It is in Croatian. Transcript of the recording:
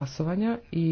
glasovanja i